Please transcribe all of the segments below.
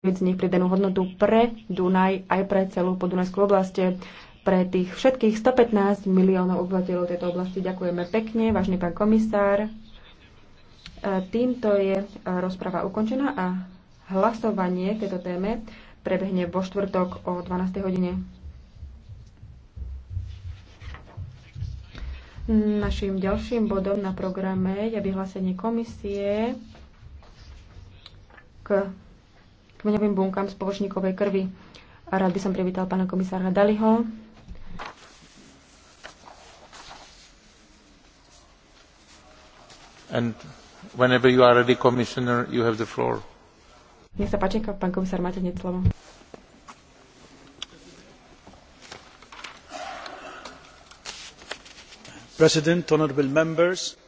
viac z nich pridanú hodnotu pre Dunaj aj pre celú podunajskú oblasť. Pre tých všetkých 115 miliónov obyvateľov tejto oblasti ďakujeme pekne, vážny pán komisár. E, týmto je e, rozprava ukončená a hlasovanie tejto téme prebehne vo štvrtok o 12. hodine. Našim ďalším bodom na programe je vyhlásenie komisie k kmeňovým bunkám spoločníkovej krvi. A rád by som privítal pána komisára Daliho. And whenever you are ready, commissioner, you have the floor. Nech sa páči, pán komisár, máte hneď slovo.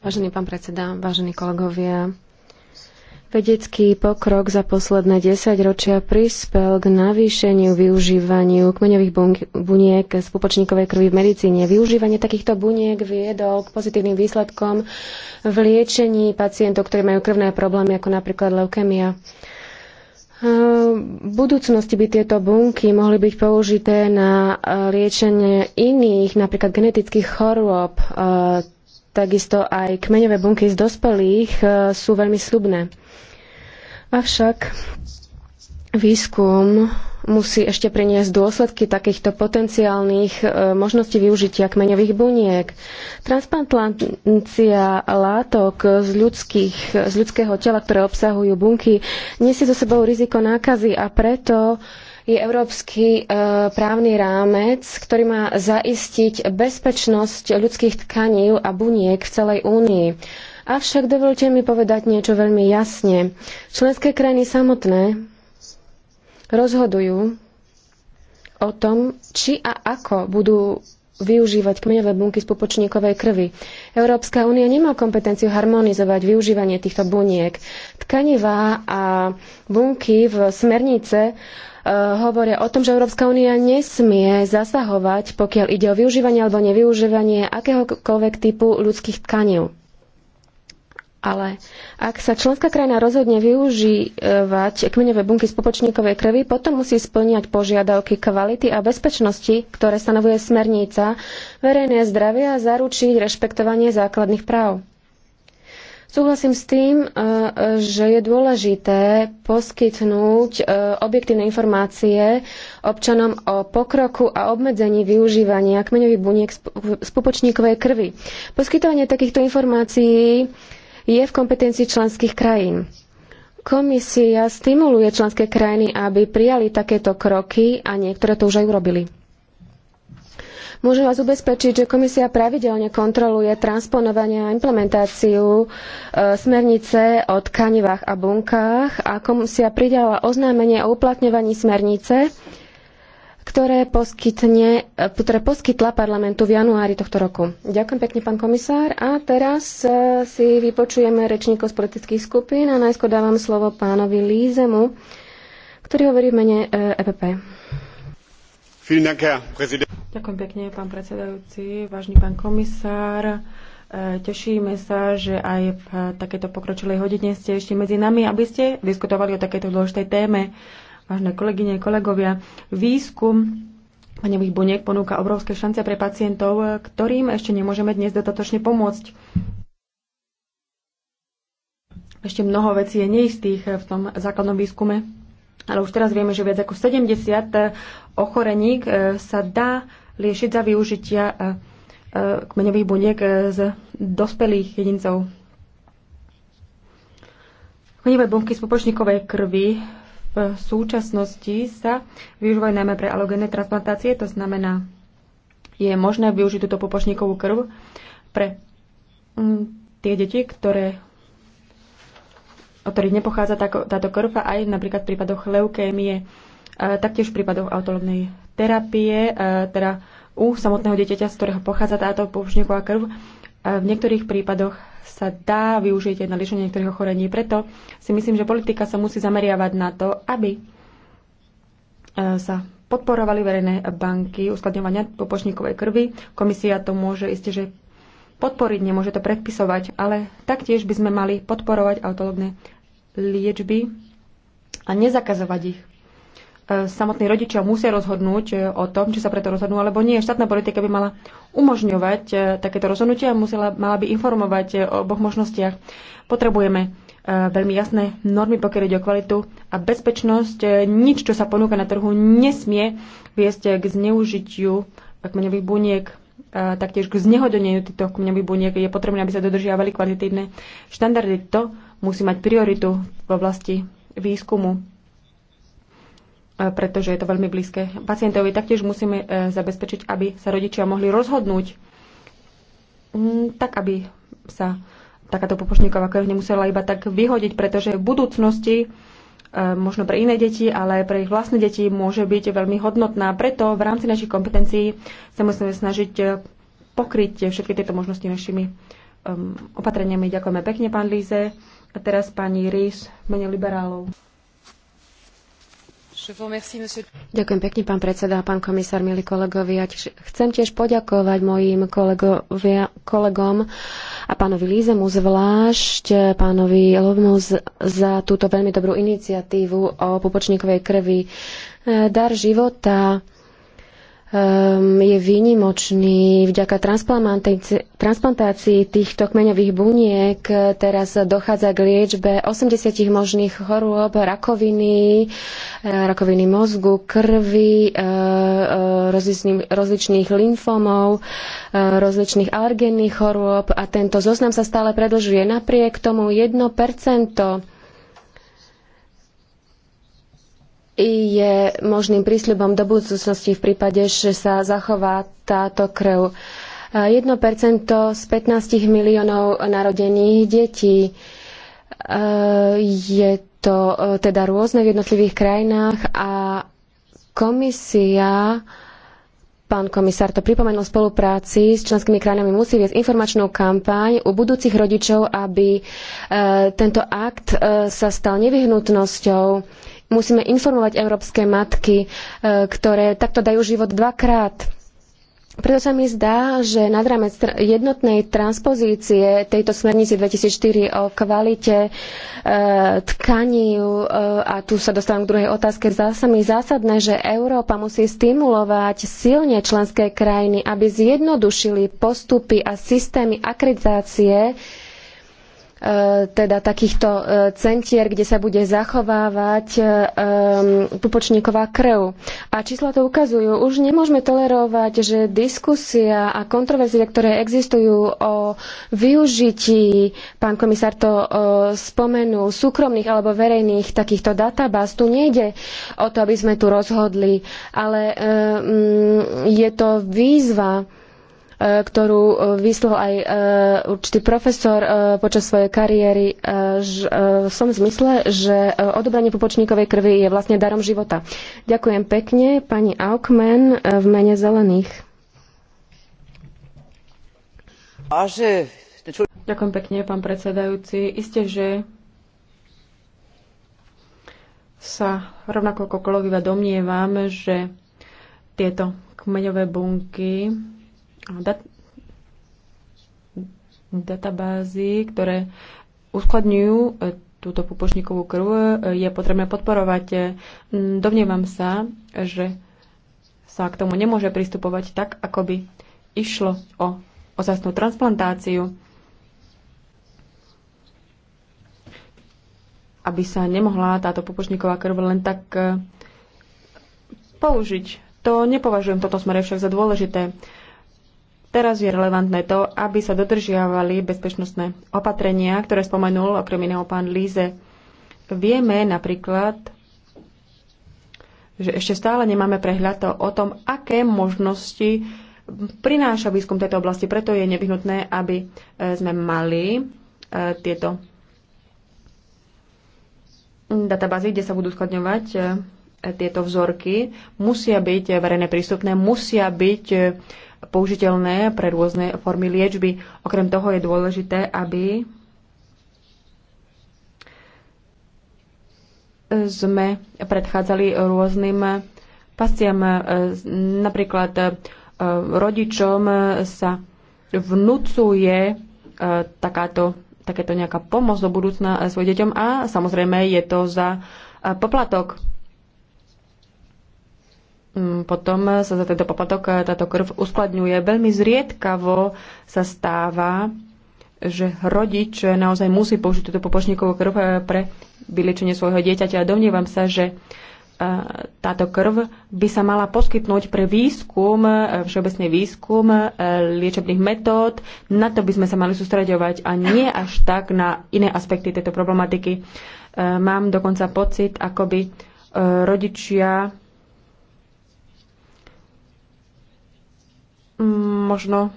Vážený pán predseda, vážení kolegovia, Vedecký pokrok za posledné desaťročia prispel k navýšeniu využívaniu kmeňových buniek z pupočníkovej krvi v medicíne. Využívanie takýchto buniek viedol k pozitívnym výsledkom v liečení pacientov, ktorí majú krvné problémy, ako napríklad leukemia. Ehm, v budúcnosti by tieto bunky mohli byť použité na eh, liečenie iných, napríklad genetických chorôb, eh, Takisto aj kmeňové bunky z dospelých e, sú veľmi slubné. Avšak výskum musí ešte priniesť dôsledky takýchto potenciálnych e, možností využitia kmeňových buniek. Transplantácia látok z, ľudských, z ľudského tela, ktoré obsahujú bunky, nesie so sebou riziko nákazy a preto je európsky e, právny rámec, ktorý má zaistiť bezpečnosť ľudských tkaní a buniek v celej únii. Avšak dovolte mi povedať niečo veľmi jasne. Členské krajiny samotné rozhodujú o tom, či a ako budú využívať kmeňové bunky z pupočníkovej krvi. Európska únia nemá kompetenciu harmonizovať využívanie týchto buniek. Tkanivá a bunky v smernice eh, hovoria o tom, že Európska únia nesmie zasahovať, pokiaľ ide o využívanie alebo nevyužívanie akéhokoľvek typu ľudských tkanív. Ale ak sa členská krajina rozhodne využívať kmeňové bunky z popočníkovej krvi, potom musí splňať požiadavky kvality a bezpečnosti, ktoré stanovuje smernica, verejné zdravie a zaručiť rešpektovanie základných práv. Súhlasím s tým, e, že je dôležité poskytnúť e, objektívne informácie občanom o pokroku a obmedzení využívania kmeňových buniek z pupočníkovej krvi. Poskytovanie takýchto informácií je v kompetencii členských krajín. Komisia stimuluje členské krajiny, aby prijali takéto kroky a niektoré to už aj urobili. Môžem vás ubezpečiť, že komisia pravidelne kontroluje transponovanie a implementáciu e, smernice o tkanivách a bunkách a komisia pridala oznámenie o uplatňovaní smernice ktoré, poskytne, ktoré poskytla parlamentu v januári tohto roku. Ďakujem pekne, pán komisár. A teraz e, si vypočujeme rečníkov z politických skupín a najskôr dávam slovo pánovi Lízemu, ktorý hovorí v mene EPP. E Ďakujem pekne, pán predsedajúci, vážny pán komisár. E, tešíme sa, že aj v takéto pokročilej hodine ste ešte medzi nami, aby ste diskutovali o takejto dôležitej téme vážne kolegyne, kolegovia, výskum paňových buniek ponúka obrovské šance pre pacientov, ktorým ešte nemôžeme dnes dostatočne pomôcť. Ešte mnoho vecí je neistých v tom základnom výskume, ale už teraz vieme, že viac ako 70 ochorení e, sa dá liešiť za využitia e, e, kmeňových buniek z dospelých jedincov. Kmeňové bunky z popočníkovej krvi v súčasnosti sa využívajú najmä pre alogénne transplantácie, to znamená, je možné využiť túto popočníkovú krv pre mm, tie deti, ktoré, od ktorých nepochádza táto krv, aj napríklad v prípadoch leukémie, e, taktiež v prípadoch autolognej terapie, e, teda u samotného dieťaťa, z ktorého pochádza táto popočníková krv, v niektorých prípadoch sa dá využiť aj na liečenie niektorých ochorení. Preto si myslím, že politika sa musí zameriavať na to, aby e, sa podporovali verejné banky uskladňovania popočníkovej krvi. Komisia to môže isté, že podporiť, nemôže to predpisovať, ale taktiež by sme mali podporovať autologné liečby a nezakazovať ich. E, samotní rodičia musia rozhodnúť e, o tom, či sa preto rozhodnú alebo nie. Štátna politika by mala umožňovať e, takéto rozhodnutia a musela, mala by informovať o oboch možnostiach. Potrebujeme veľmi jasné normy, pokiaľ ide o kvalitu a bezpečnosť. Nič, čo sa ponúka na trhu, nesmie viesť k zneužitiu kmeňových buniek taktiež k znehodeniu týchto kmeňových buniek je potrebné, aby sa dodržiavali kvalitívne štandardy. To musí mať prioritu v oblasti výskumu E, pretože je to veľmi blízke pacientovi. Taktiež musíme e, zabezpečiť, aby sa rodičia mohli rozhodnúť tak, aby sa takáto popočníková krv nemusela iba tak vyhodiť, pretože v budúcnosti e, možno pre iné deti, ale pre ich vlastné deti môže byť veľmi hodnotná. Preto v rámci našich kompetencií sa musíme snažiť pokryť všetky tieto možnosti našimi opatreniami. Ďakujeme pekne, pán Líze. A teraz pani Rís, mene liberálov. Ďakujem pekne, pán predseda, pán komisár, milí kolegovia. Chcem tiež poďakovať mojim kolegovia, kolegom a pánovi Lízemu zvlášť, pánovi Lovmu za túto veľmi dobrú iniciatívu o pupočníkovej krvi. E, dar života um, je výnimočný. Vďaka transplantácii týchto kmeňových buniek teraz dochádza k liečbe 80 možných chorôb, rakoviny, ehm, rakoviny mozgu, krvi, ehm, rozličných, rozličných lymfomov, rozličných alergénnych chorôb a tento zoznam sa stále predlžuje. Napriek tomu 1% je možným prísľubom do budúcnosti v prípade, že sa zachová táto krv. 1% z 15 miliónov narodených detí. Eh, je to eh, teda rôzne v jednotlivých krajinách a komisia pán komisár to pripomenul v spolupráci s členskými krajinami, musí viesť informačnú kampaň u budúcich rodičov, aby eh, tento akt sa stal nevyhnutnosťou Musíme informovať európske matky, e, ktoré takto dajú život dvakrát. Preto sa mi zdá, že nad rámec jednotnej transpozície tejto smernice 2004 o kvalite e, tkaní e, a tu sa dostávam k druhej otázke, zdá sa mi zásadné, že Európa musí stimulovať silne členské krajiny, aby zjednodušili postupy a systémy akreditácie E, teda takýchto e, centier, kde sa bude zachovávať e, pupočníková krv. A čísla to ukazujú. Už nemôžeme tolerovať, že diskusia a kontroverzie, ktoré existujú o využití, pán komisár to spomenul, súkromných alebo verejných takýchto databáz, tu nejde o to, aby sme tu rozhodli, ale je to výzva, E, ktorú e, vysluhol aj e, určitý profesor počas svojej kariéry v tom zmysle, že odobranie pupočníkovej krvi je vlastne darom života. Ďakujem pekne pani Aukmen v mene zelených. Ďakujem pekne, pán predsedajúci. Isté, že sa rovnako ako kolegovia domnievam, že tieto kmeňové bunky dat- databázy, ktoré uskladňujú e, túto pupočníkovú krv, e, je potrebné podporovať. E, Dovnievam sa, že sa k tomu nemôže pristupovať tak, ako by išlo o ozastnú transplantáciu, aby sa nemohla táto pupočníková krv len tak použiť. To nepovažujem v tomto smere však za dôležité. Teraz je relevantné to, aby sa dodržiavali bezpečnostné opatrenia, ktoré spomenul okrem iného pán Líze. Vieme napríklad, že ešte stále nemáme prehľad to o tom, aké možnosti prináša výskum tejto oblasti. Preto je nevyhnutné, aby e, sme mali e, tieto databázy, kde sa budú skladňovať e, tieto vzorky, musia byť verejne prístupné, musia byť použiteľné pre rôzne formy liečby. Okrem toho je dôležité, aby sme predchádzali rôznym pasiam, Napríklad e, rodičom sa vnúcuje e, takáto, takéto nejaká pomoc do budúcna svojim deťom a samozrejme je to za e, poplatok. Mm, potom sa za tento poplatok eh, táto krv uskladňuje. Veľmi zriedkavo sa stáva, že rodič naozaj musí použiť túto popočníkovú krv eh, pre vyliečenie svojho dieťaťa. A domnievam sa, že eh, táto krv by sa mala poskytnúť pre výskum, všeobecný výskum liečebných metód. Na to by sme sa mali sústreďovať a nie až tak na iné aspekty tejto problematiky. Mám dokonca pocit, akoby rodičia možno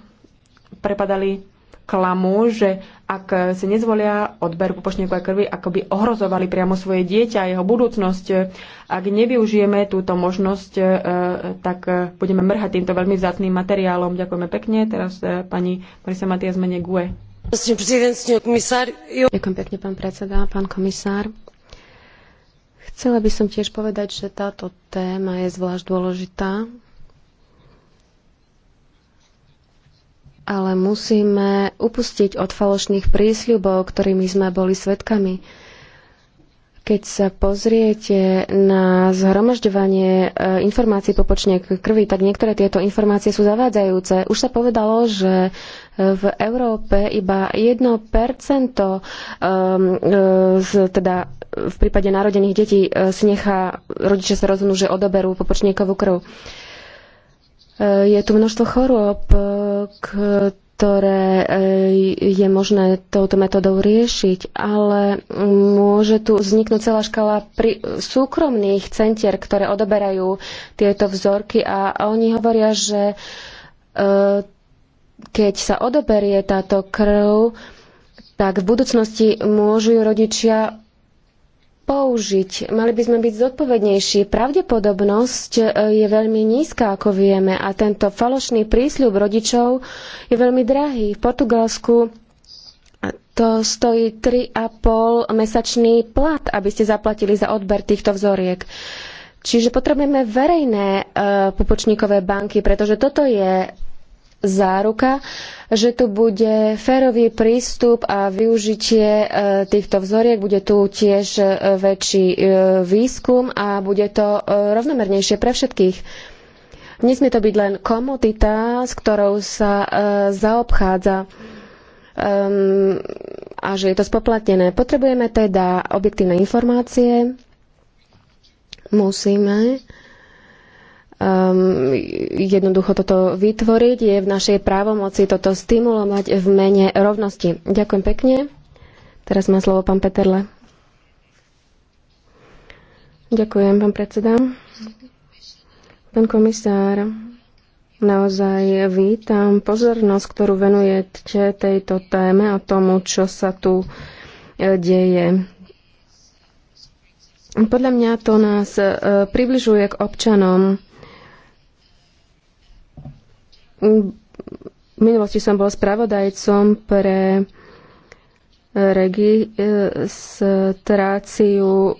prepadali klamu, že ak si nezvolia odber pupočníkovej krvi, ako by ohrozovali priamo svoje dieťa a jeho budúcnosť. Ak nevyužijeme túto možnosť, e, tak budeme mrhať týmto veľmi vzácným materiálom. Ďakujeme pekne. Teraz e, pani Marisa Matias mene GUE. Ďakujem pekne, pán predseda, pán komisár. Chcela by som tiež povedať, že táto téma je zvlášť dôležitá ale musíme upustiť od falošných prísľubov, ktorými sme boli svetkami. Keď sa pozriete na zhromažďovanie e, informácií po počne krvi, tak niektoré tieto informácie sú zavádzajúce. Už sa povedalo, že e, v Európe iba 1% e, z, teda v prípade narodených detí si nechá, rodičia sa rozhodnú, že odoberú popočníkovú krv. Eh, je tu množstvo chorôb, eh, ktoré eh, je možné touto metodou riešiť, ale mm, môže tu vzniknúť celá škala pri súkromných centier, ktoré odoberajú tieto vzorky a oni hovoria, že keď sa odoberie táto krv, tak v budúcnosti môžu rodičia použiť. Mali by sme byť zodpovednejší. Pravdepodobnosť e, je veľmi nízka, ako vieme, a tento falošný prísľub rodičov je veľmi drahý. V Portugalsku to stojí 3,5 mesačný plat, aby ste zaplatili za odber týchto vzoriek. Čiže potrebujeme verejné e, pupočníkové banky, pretože toto je záruka, že tu bude férový prístup a využitie e, týchto vzoriek, bude tu tiež e, väčší e, výskum a bude to rovnomernejšie pre všetkých. Nesmie to byť len komodita, s ktorou sa zaobchádza ehm, a že je to spoplatnené. Potrebujeme teda objektívne informácie, musíme um, jednoducho toto vytvoriť. Je v našej právomoci toto stimulovať v mene rovnosti. Ďakujem pekne. Teraz má slovo pán Peterle. Ďakujem, pán predseda. Pán komisár, naozaj vítam pozornosť, ktorú venujete tejto téme a tomu, čo sa tu e, deje. Podľa mňa to nás e, približuje k občanom Mm, v minulosti som bol spravodajcom pre e, registráciu e,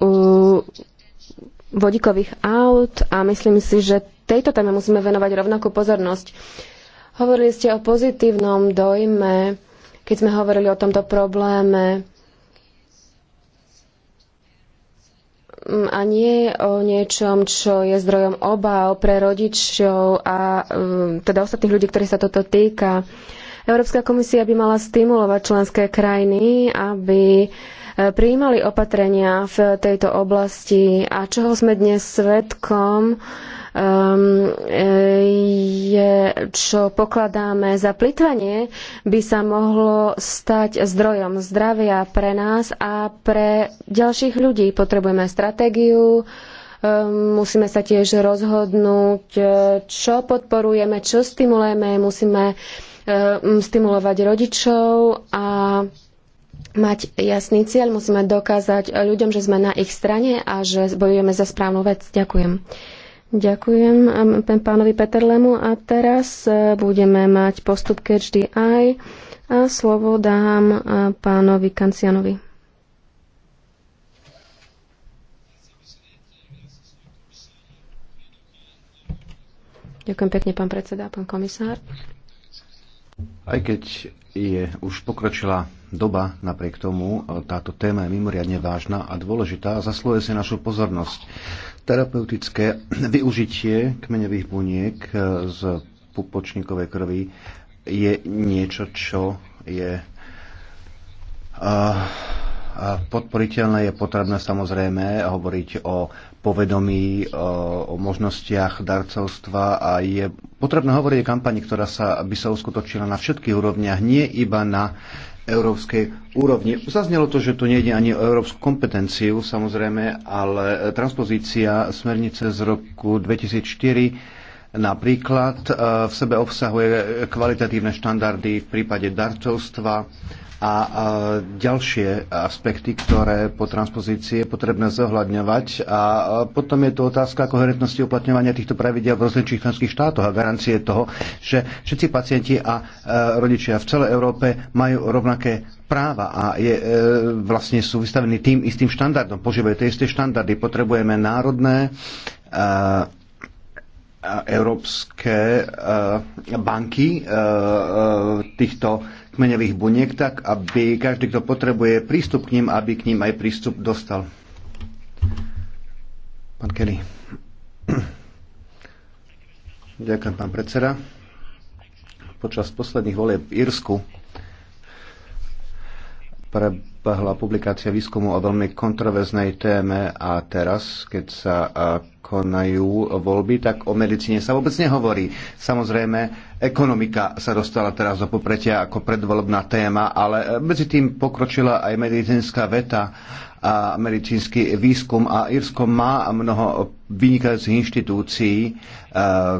vodíkových aut a myslím si, že tejto téme musíme venovať rovnakú pozornosť. Hovorili ste o pozitívnom dojme, keď sme hovorili o tomto probléme Mm, a nie o niečom, čo je zdrojom obav pre rodičov a mm, teda ostatných ľudí, ktorí sa toto týka. Európska komisia by mala stimulovať členské krajiny, aby e, prijímali opatrenia v tejto oblasti. A čoho sme dnes svedkom, Ehm, eh, je, čo pokladáme za plitvanie, by sa mohlo stať zdrojom zdravia pre nás a pre ďalších ľudí. Potrebujeme stratégiu, ehm, musíme sa tiež rozhodnúť, eh, čo podporujeme, čo stimulujeme, musíme ehm, stimulovať rodičov a mať jasný cieľ, musíme dokázať ľuďom, že sme na ich strane a že bojujeme za správnu vec. Ďakujem. Ďakujem um, pánovi Peterlemu a teraz uh, budeme mať postup vždy aj a slovo dám uh, pánovi Kancianovi. Ďakujem pekne, pán predseda, pán komisár. Aj keď je už pokročila doba, napriek tomu táto téma je mimoriadne vážna a dôležitá a zaslúje si našu pozornosť. Terapeutické využitie kmeňových buniek e, z pupočníkovej krvi je niečo, čo je uh, podporiteľné, je potrebné samozrejme hovoriť o povedomí, o, o možnostiach darcovstva a je potrebné hovoriť o kampani, ktorá sa, by sa uskutočila na všetkých úrovniach, nie iba na európskej úrovni. Zaznelo to, že tu nejde ani o európsku kompetenciu, samozrejme, ale transpozícia smernice z roku 2004 Napríklad e, v sebe obsahuje kvalitatívne štandardy v prípade darcovstva, a ďalšie aspekty, ktoré po transpozícii je potrebné zohľadňovať. A potom je tu otázka koherentnosti uplatňovania týchto pravidel v rozličných členských štátoch a garancie toho, že všetci pacienti a rodičia v celej Európe majú rovnaké práva a je, e, vlastne sú vystavení tým istým štandardom, požívajú tie isté štandardy. Potrebujeme národné e, európske e, banky e, e, týchto kmeňových buniek, tak aby každý, kto potrebuje prístup k ním, aby k ním aj prístup dostal. Pán Kelly. Ďakujem, pán predseda. Počas posledných volieb v Írsku prebehla publikácia výskumu o veľmi kontroverznej téme a teraz, keď sa konajú voľby, tak o medicíne sa vôbec nehovorí. Samozrejme, ekonomika sa dostala teraz do popretia ako predvolebná téma, ale e, medzi tým pokročila aj medicínska veta a medicínsky výskum a Irsko má mnoho vynikajúcich inštitúcií e,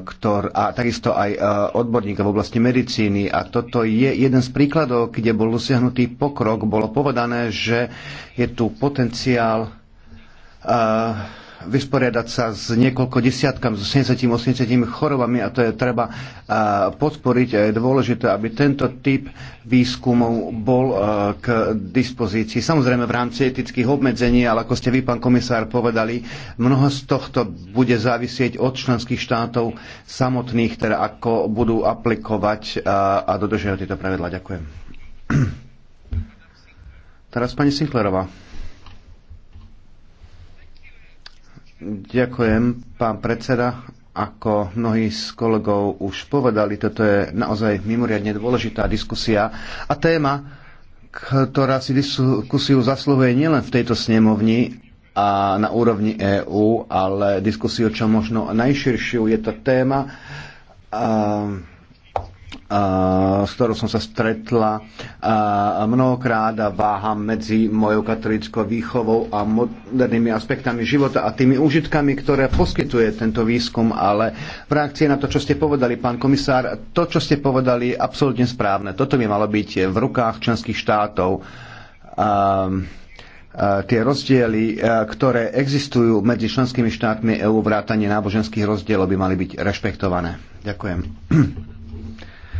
ktor, a takisto aj e, odborníka v oblasti medicíny a toto je jeden z príkladov, kde bol dosiahnutý pokrok. Bolo povedané, že je tu potenciál uh, vysporiadať sa s niekoľko desiatkami, s 70-80 chorobami a to je treba podporiť a je dôležité, aby tento typ výskumov bol k dispozícii. Samozrejme v rámci etických obmedzení, ale ako ste vy, pán komisár, povedali, mnoho z tohto bude závisieť od členských štátov samotných, teda ako budú aplikovať a dodržiavať tieto pravidla. Ďakujem. Teraz pani Sinklerová. Ďakujem, pán predseda. Ako mnohí z kolegov už povedali, toto je naozaj mimoriadne dôležitá diskusia a téma, ktorá si diskusiu zasluhuje nielen v tejto snemovni a na úrovni EÚ, ale diskusiu čo možno najširšiu. Je to téma, s ktorou som sa stretla mnohokrát a váham medzi mojou katolickou výchovou a modernými aspektami života a tými úžitkami, ktoré poskytuje tento výskum, ale v reakcii na to, čo ste povedali, pán komisár, to, čo ste povedali, je absolútne správne. Toto by malo byť v rukách členských štátov. tie rozdiely, ktoré existujú medzi členskými štátmi EÚ, vrátanie náboženských rozdielov by mali byť rešpektované. Ďakujem.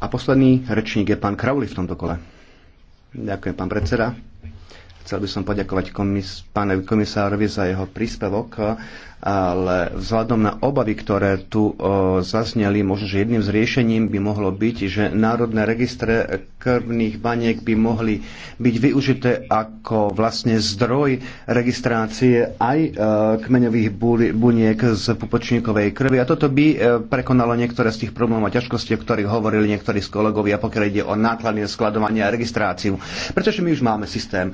A posledný rečník je pán Krauli v tomto kole. Ďakujem, pán predseda. Chcel by som poďakovať komis- pánovi komisárovi za jeho príspevok, ale vzhľadom na obavy, ktoré tu o, zazneli, možno, že jedným z riešením by mohlo byť, že národné registre krvných baniek by mohli byť využité ako vlastne zdroj registrácie aj e, kmeňových buniek z pupočníkovej krvi. A toto by e, prekonalo niektoré z tých problémov a ťažkostí, o ktorých hovorili niektorí z kolegovia, pokiaľ ide o náklady skladovania a registráciu. Pretože my už máme systém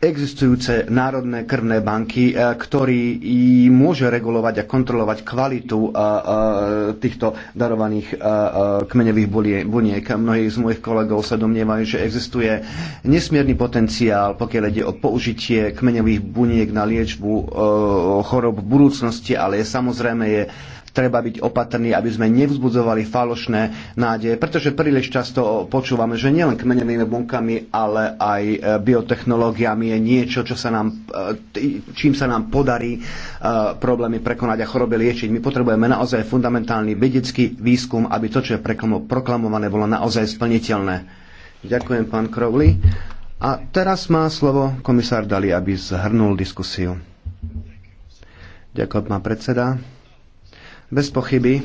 existujúce národné krvné banky, e, ktorý môže regulovať a kontrolovať kvalitu e, e, týchto darovaných kmeňových buniek. Mnohí z mojich kolegov sa domnievajú, že existuje nesmierny potenciál, pokiaľ ide o použitie kmeňových buniek na liečbu chorob v budúcnosti, ale samozrejme je treba byť opatrní, aby sme nevzbudzovali falošné nádeje, pretože príliš často počúvame, že nielen kmenenými bunkami, ale aj e, biotechnológiami je niečo, čo sa nám, e, čím sa nám podarí e, problémy prekonať a choroby liečiť. My potrebujeme naozaj fundamentálny vedecký výskum, aby to, čo je proklamované, bolo naozaj splniteľné. Ďakujem, pán Krovli. A teraz má slovo komisár Dali, aby zhrnul diskusiu. Ďakujem, pán predseda. Bez pochyby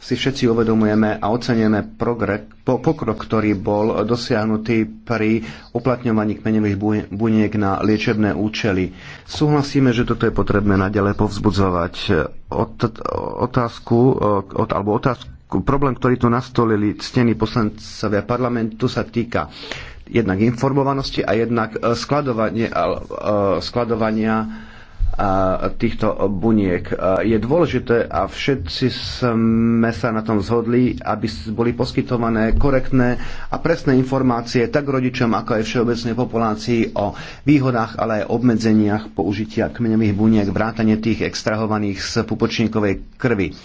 si všetci uvedomujeme a oceníme pokrok, ktorý bol dosiahnutý pri uplatňovaní kmeňových buniek na liečebné účely. Súhlasíme, že toto je potrebné naďalej povzbudzovať. otázku, alebo otázku, problém, ktorý tu nastolili ctení poslancovia parlamentu, sa týka jednak informovanosti a jednak skladovania, skladovania týchto buniek. Je dôležité a všetci sme sa na tom zhodli, aby boli poskytované korektné a presné informácie tak rodičom, ako aj všeobecnej populácii o výhodách, ale aj obmedzeniach použitia kmeňových buniek, vrátane tých extrahovaných z pupočníkovej krvi.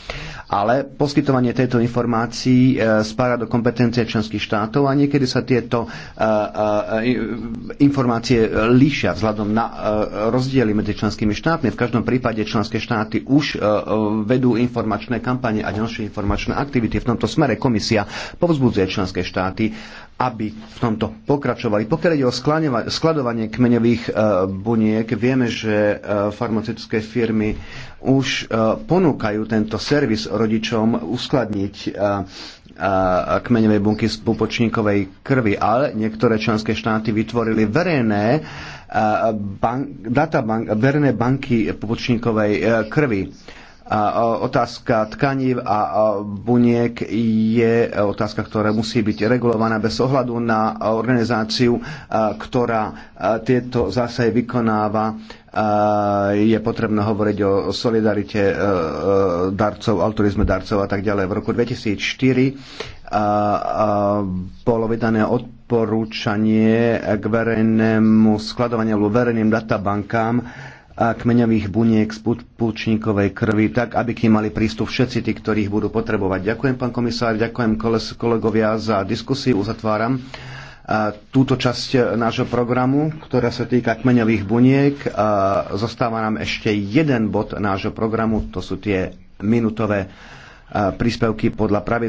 Ale poskytovanie tejto informácií e, spára do kompetencie členských štátov a niekedy sa tieto e, e, informácie líšia vzhľadom na rozdiely medzi členskými členskými štátmi. V každom prípade členské štáty už e, e, vedú informačné kampane a ďalšie informačné aktivity. V tomto smere komisia povzbudzuje členské štáty, aby v tomto pokračovali. Pokiaľ ide o skladovanie kmeňových e, buniek, vieme, že farmaceutické firmy už ponúkajú tento servis rodičom uskladniť kmeňové bunky z pupočníkovej krvi, ale niektoré členské štáty vytvorili verejné bank, databank, verejné banky pupočníkovej e, krvi. A otázka tkaní a buniek je otázka, ktorá musí byť regulovaná bez ohľadu na organizáciu, ktorá tieto zásahy vykonáva. Je potrebné hovoriť o solidarite e, e, darcov, altruizme darcov a tak ďalej. V roku 2004 a bolo vydané odporúčanie k verejnému skladovaniu alebo verejným databankám a kmeňových buniek z púčníkovej krvi, tak aby k nim mali prístup všetci tí, ktorých budú potrebovať. Ďakujem, pán komisár, ďakujem kolegovia za diskusiu, uzatváram túto časť nášho programu, ktorá sa týka kmeňových buniek. Zostáva nám ešte jeden bod nášho programu, to sú tie minutové príspevky podľa pravidla.